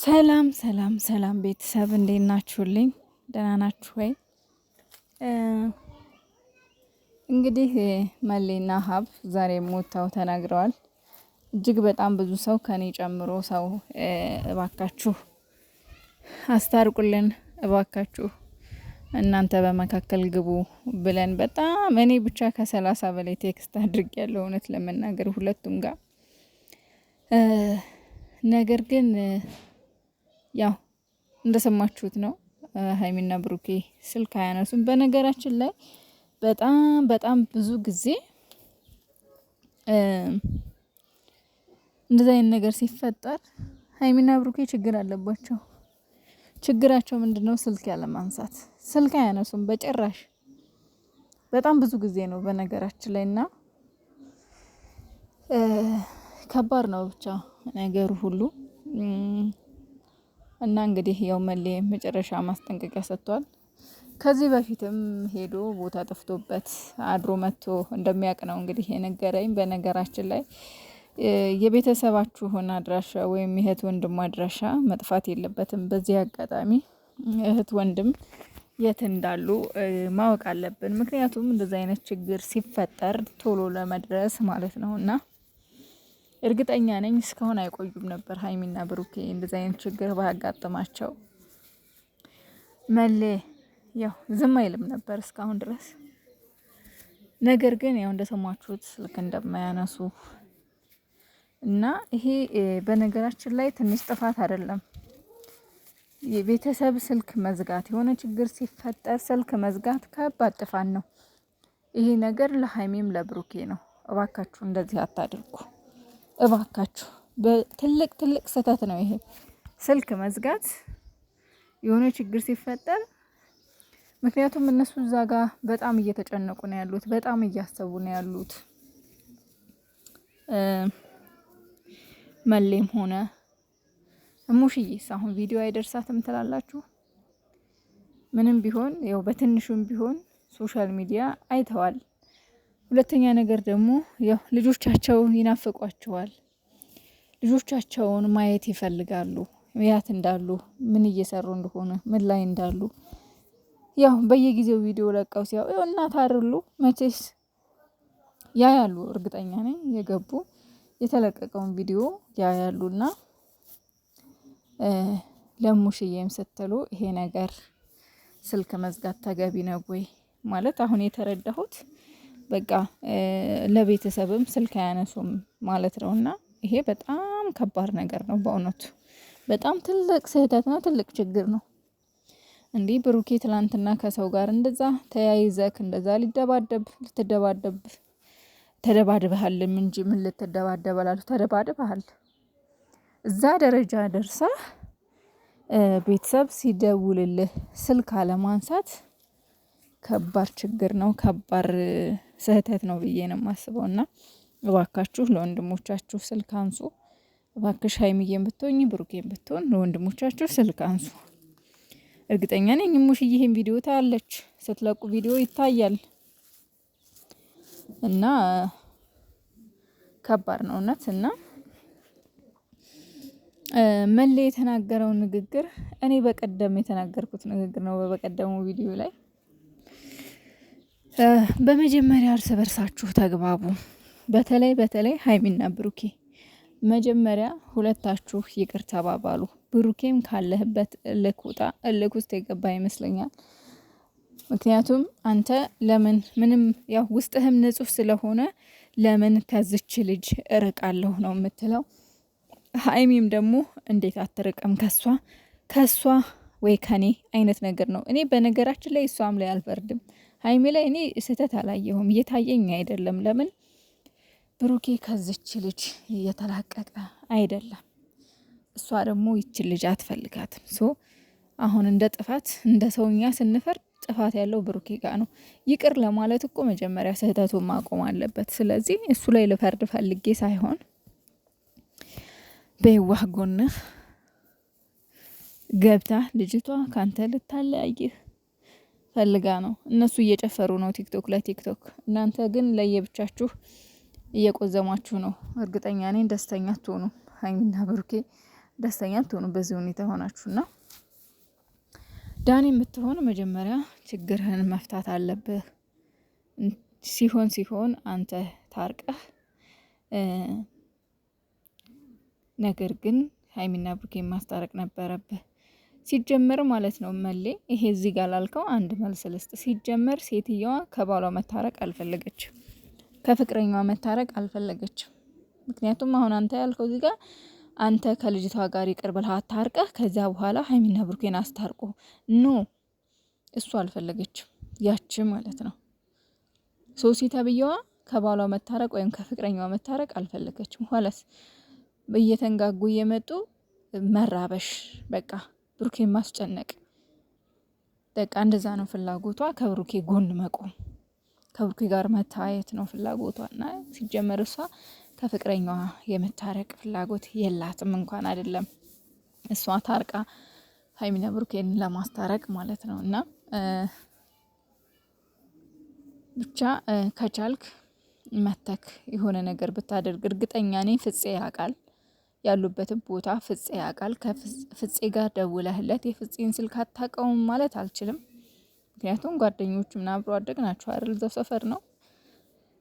ሰላም ሰላም ሰላም ቤተሰብ እንዴት ናችሁልኝ? ደህና ናችሁ ወይ? እንግዲህ መሌና ሀብ ዛሬ ሞታው ተናግረዋል። እጅግ በጣም ብዙ ሰው ከኔ ጨምሮ ሰው እባካችሁ አስታርቁልን፣ እባካችሁ እናንተ በመካከል ግቡ ብለን በጣም እኔ ብቻ ከሰላሳ በላይ ቴክስት አድርግ ያለው እውነት ለመናገር ሁለቱም ጋር ነገር ግን ያው እንደሰማችሁት ነው። ሀይሚና ብሩኬ ስልክ አያነሱም። በነገራችን ላይ በጣም በጣም ብዙ ጊዜ እንደዚህ አይነት ነገር ሲፈጠር ሀይሚና ብሩኬ ችግር አለባቸው። ችግራቸው ምንድን ነው? ስልክ ያለማንሳት ስልክ አያነሱም በጭራሽ። በጣም ብዙ ጊዜ ነው በነገራችን ላይ እና ከባድ ነው ብቻ ነገሩ ሁሉ እና እንግዲህ ያው መሌ መጨረሻ ማስጠንቀቂያ ሰጥቷል። ከዚህ በፊትም ሄዶ ቦታ ጠፍቶበት አድሮ መጥቶ እንደሚያውቅ ነው እንግዲህ የነገረኝ። በነገራችን ላይ የቤተሰባችሁን አድራሻ ወይም የእህት ወንድም አድራሻ መጥፋት የለበትም። በዚህ አጋጣሚ እህት ወንድም የት እንዳሉ ማወቅ አለብን። ምክንያቱም እንደዚህ አይነት ችግር ሲፈጠር ቶሎ ለመድረስ ማለት ነው እና እርግጠኛ ነኝ እስካሁን አይቆዩም ነበር ሀይሚና ብሩኬ እንደዚ አይነት ችግር ባያጋጥማቸው መሌ ያው ዝም አይልም ነበር እስካሁን ድረስ። ነገር ግን ያው እንደሰማችሁት ስልክ እንደማያነሱ እና ይሄ በነገራችን ላይ ትንሽ ጥፋት አይደለም። የቤተሰብ ስልክ መዝጋት የሆነ ችግር ሲፈጠር ስልክ መዝጋት ከባድ ጥፋት ነው። ይሄ ነገር ለሀይሜም ለብሩኬ ነው። እባካችሁ እንደዚህ አታድርጉ። እባካችሁ በትልቅ ትልቅ ስህተት ነው ይሄ ስልክ መዝጋት የሆነ ችግር ሲፈጠር ምክንያቱም እነሱ እዛ ጋ በጣም እየተጨነቁ ነው ያሉት፣ በጣም እያሰቡ ነው ያሉት። መሌም ሆነ እሙሽዬስ አሁን ቪዲዮ አይደርሳትም ትላላችሁ? ምንም ቢሆን ያው በትንሹም ቢሆን ሶሻል ሚዲያ አይተዋል። ሁለተኛ ነገር ደግሞ ያው ልጆቻቸው ይናፍቋቸዋል። ልጆቻቸውን ማየት ይፈልጋሉ። ያት እንዳሉ፣ ምን እየሰሩ እንደሆነ፣ ምን ላይ እንዳሉ ያው በየጊዜው ቪዲዮ ለቀው ሲያው ያው እናት አርሉ መቼስ ያ ያሉ እርግጠኛ ነኝ የገቡ የተለቀቀውን ቪዲዮ ያ ያሉና ለሙሽዬም ስትሉ ይሄ ነገር ስልክ መዝጋት ተገቢ ነው ወይ ማለት አሁን የተረዳሁት በቃ ለቤተሰብም ስልክ አያነሱም ማለት ነው። እና ይሄ በጣም ከባድ ነገር ነው በእውነቱ በጣም ትልቅ ስህተት ነው፣ ትልቅ ችግር ነው። እንዲህ ብሩኬ ትላንትና ከሰው ጋር እንደዛ ተያይዘክ እንደዛ ሊደባደብ ልትደባደብ ተደባድበሃልም እንጂ ምን ልትደባደበላሉ ተደባድበሃል። እዛ ደረጃ ደርሳ ቤተሰብ ሲደውልልህ ስልክ አለማንሳት ከባድ ችግር ነው ከባድ ስህተት ነው ብዬ ነው የማስበው። እና እባካችሁ ለወንድሞቻችሁ ስልክ አንሱ። እባክሽ ሀይሚዬን ብትሆኝ ብሩኬን ብትሆን ለወንድሞቻችሁ ስልክ አንሱ። እርግጠኛ ነኝ ሙሽ ይህን ቪዲዮ ታያለች። ስትለቁ ቪዲዮ ይታያል እና ከባድ ነው እውነት። እና መለየ የተናገረው ንግግር እኔ በቀደም የተናገርኩት ንግግር ነው በቀደሙ ቪዲዮ ላይ በመጀመሪያ እርስ በርሳችሁ ተግባቡ። በተለይ በተለይ ሀይሚና ብሩኬ መጀመሪያ ሁለታችሁ ይቅር ተባባሉ። ብሩኬም ካለህበት እልክ ውጣ። እልክ ውስጥ የገባ ይመስለኛል። ምክንያቱም አንተ ለምን ምንም ያው ውስጥህም ንጹህ ስለሆነ ለምን ከዝች ልጅ እርቃለሁ ነው የምትለው። ሀይሚም ደግሞ እንዴት አትርቅም ከሷ ከሷ ወይ ከኔ አይነት ነገር ነው። እኔ በነገራችን ላይ እሷም ላይ አልፈርድም ሀይሚ ላይ እኔ ስህተት አላየሁም፣ እየታየኝ አይደለም። ለምን ብሩኬ ከዝች ልጅ እየተላቀቀ አይደለም። እሷ ደግሞ ይችን ልጅ አትፈልጋትም። ሶ አሁን እንደ ጥፋት እንደ ሰውኛ ስንፈርድ ጥፋት ያለው ብሩኬ ጋ ነው። ይቅር ለማለት እኮ መጀመሪያ ስህተቱን ማቆም አለበት። ስለዚህ እሱ ላይ ልፈርድ ፈልጌ ሳይሆን በይዋህ ጎንህ ገብታ ልጅቷ ካንተ ልታለያይህ ፈልጋ ነው። እነሱ እየጨፈሩ ነው ቲክቶክ ለቲክቶክ፣ እናንተ ግን ለየብቻችሁ እየቆዘማችሁ ነው። እርግጠኛ ነኝ ደስተኛ ትሆኑ ሀይሚና ብሩኬ ደስተኛ ትሆኑ በዚህ ሁኔታ ሆናችሁና ዳኒ የምትሆን መጀመሪያ ችግርህን መፍታት አለብህ። ሲሆን ሲሆን አንተ ታርቀህ ነገር ግን ሀይሚና ብሩኬን ማስታረቅ ነበረብህ። ሲጀመር ማለት ነው መሌ ይሄ እዚህ ጋር ላልከው አንድ መልስ ልስጥ። ሲጀመር ሴትየዋ ከባሏ መታረቅ አልፈለገችም፣ ከፍቅረኛዋ መታረቅ አልፈለገችም። ምክንያቱም አሁን አንተ ያልከው እዚህ ጋር አንተ ከልጅቷ ጋር ይቅር ብለህ አታርቀህ ከዚያ በኋላ ሀይሚና ብሩኬን አስታርቆ ኖ እሱ አልፈለገችም፣ ያች ማለት ነው ሶሲ ተብዬዋ ከባሏ መታረቅ ወይም ከፍቅረኛዋ መታረቅ አልፈለገችም። ኋላስ እየተንጋጉ እየመጡ መራበሽ በቃ ብሩኬን ማስጨነቅ በቃ እንደዛ ነው ፍላጎቷ። ከብሩኬ ጎን መቆም ከብሩኬ ጋር መታየት ነው ፍላጎቷ። እና ሲጀመር እሷ ከፍቅረኛዋ የመታረቅ ፍላጎት የላትም እንኳን አይደለም እሷ ታርቃ ሀይሚና ብሩኬን ለማስታረቅ ማለት ነው። እና ብቻ ከቻልክ መተክ የሆነ ነገር ብታደርግ እርግጠኛ ነኝ ፍፄ ያውቃል ያሉበትን ቦታ ፍፄ ያውቃል። ከፍፄ ጋር ደውለህለት የፍፄን ስልክ አታውቀውም ማለት አልችልም። ምክንያቱም ጓደኞቹ ምናምን አብሮ አደግ ናቸው አይደል? እዛው ሰፈር ነው።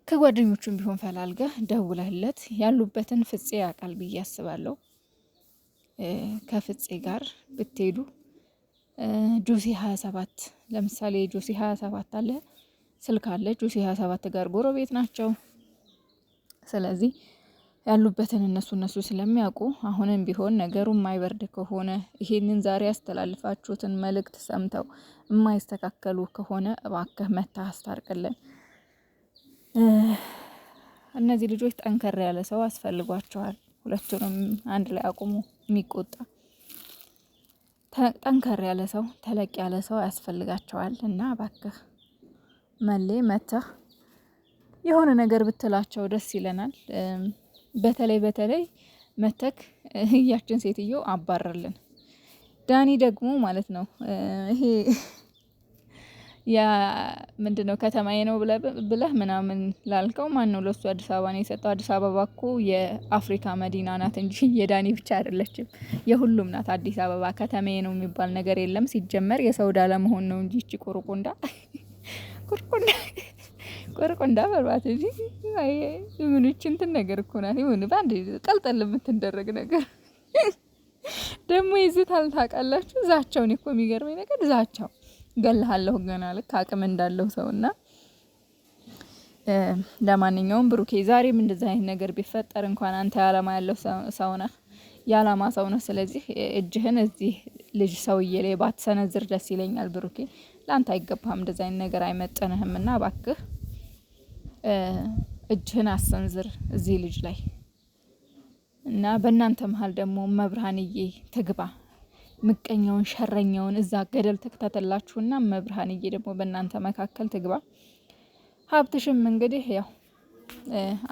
ከጓደኞቹም ቢሆን ፈላልገህ ደውለህለት ያሉበትን ፍጼ ያውቃል ብዬ አስባለሁ። ከፍፄ ጋር ብትሄዱ ጆሴ 27 ለምሳሌ ጆሴ 27 አለ ስልክ አለ ጆሴ 27 ጋር ጎረቤት ናቸው። ስለዚህ ያሉበትን እነሱ እነሱ ስለሚያውቁ አሁንም ቢሆን ነገሩ የማይበርድ ከሆነ ይሄንን ዛሬ ያስተላልፋችሁትን መልእክት ሰምተው የማይስተካከሉ ከሆነ እባክህ መታ አስታርቅልን። እነዚህ ልጆች ጠንከር ያለ ሰው አስፈልጓቸዋል። ሁለቱንም አንድ ላይ አቁሙ። የሚቆጣ ጠንከር ያለ ሰው፣ ተለቅ ያለ ሰው ያስፈልጋቸዋል እና እባክህ መሌ መተህ የሆነ ነገር ብትላቸው ደስ ይለናል። በተለይ በተለይ መተክ እያችን ሴትዮ አባረልን። ዳኒ ደግሞ ማለት ነው ይሄ ያ ምንድን ነው ከተማዬ ነው ብለህ ምናምን ላልከው ማን ነው ለሱ አዲስ አበባ ነው የሰጠው። አዲስ አበባ እኮ የአፍሪካ መዲና ናት እንጂ የዳኒ ብቻ አይደለችም፣ የሁሉም ናት። አዲስ አበባ ከተማዬ ነው የሚባል ነገር የለም። ሲጀመር የሰውዳ ለመሆን ነው እንጂ ቁርቁንዳ ቁርቁንዳ ቆርቆ እንዳበርባት እዚ ምንች እንትን ነገር እኮ ናት። የሆነ በአንድ ቀልጠል የምትደረግ ነገር ደግሞ ይዝታል። ታውቃላችሁ ዛቻውን እኮ የሚገርመኝ ነገር ዛቻው እገልሃለሁ ገና ልክ አቅም እንዳለው ሰው ሰውና ለማንኛውም ብሩኬ ዛሬም እንደዚህ አይነት ነገር ቢፈጠር እንኳን አንተ የአላማ ያለው ሰው ነህ፣ የዓላማ ሰው ነህ። ስለዚህ እጅህን እዚህ ልጅ ሰውዬ ላይ ባትሰነዝር ደስ ይለኛል። ብሩኬ ለአንተ አይገባህም፣ እንደዚህ አይነት ነገር አይመጠንህም። እና እባክህ እጅህን አሰንዝር እዚህ ልጅ ላይ እና በእናንተ መሀል ደግሞ መብርሃንዬ ትግባ ምቀኛውን ሸረኛውን እዛ ገደል ተከታተላችሁና መብርሃንዬ ደግሞ በእናንተ መካከል ትግባ። ሀብትሽም እንግዲህ ያው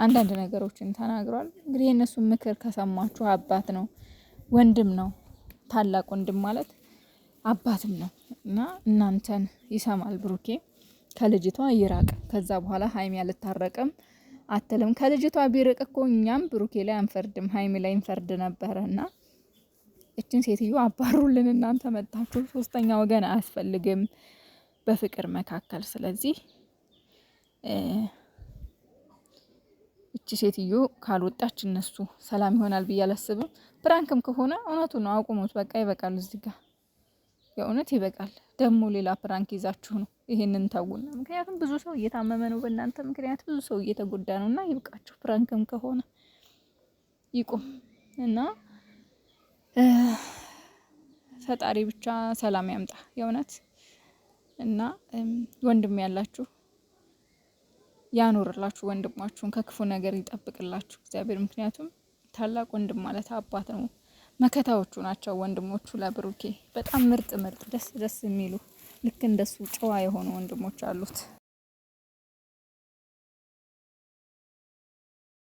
አንዳንድ ነገሮችን ተናግሯል። እንግዲህ የእነሱ ምክር ከሰማችሁ አባት ነው፣ ወንድም ነው። ታላቅ ወንድም ማለት አባትም ነው እና እናንተን ይሰማል ብሩኬ ከልጅቷ ይራቅ። ከዛ በኋላ ሀይሚ አልታረቅም አትልም። ከልጅቷ ቢርቅ እኮ እኛም ብሩኬ ላይ አንፈርድም፣ ሀይሚ ላይ እንፈርድ ነበረ እና እችን ሴትዮ አባሩልን እናንተ መጣችሁ። ሶስተኛ ወገን አያስፈልግም በፍቅር መካከል። ስለዚህ እቺ ሴትዮ ካልወጣች እነሱ ሰላም ይሆናል ብዬ አላስብም። ፕራንክም ከሆነ እውነቱ ነው አቁሙት። በቃ ይበቃል። እዚህ ጋር የእውነት ይበቃል። ደግሞ ሌላ ፕራንክ ይዛችሁ ነው ይሄንን ተውና፣ ምክንያቱም ብዙ ሰው እየታመመ ነው በእናንተ ምክንያት፣ ብዙ ሰው እየተጎዳ ነው። እና ይብቃችሁ፣ ፍራንክም ከሆነ ይቁም እና ፈጣሪ ብቻ ሰላም ያምጣ የእውነት እና ወንድም ያላችሁ ያኖርላችሁ፣ ወንድማችሁን ከክፉ ነገር ይጠብቅላችሁ እግዚአብሔር። ምክንያቱም ታላቅ ወንድም ማለት አባት ነው። መከታዎቹ ናቸው ወንድሞቹ ለብሩኬ በጣም ምርጥ ምርጥ ደስ ደስ የሚሉ ልክ እንደሱ ጨዋ የሆኑ ወንድሞች አሉት።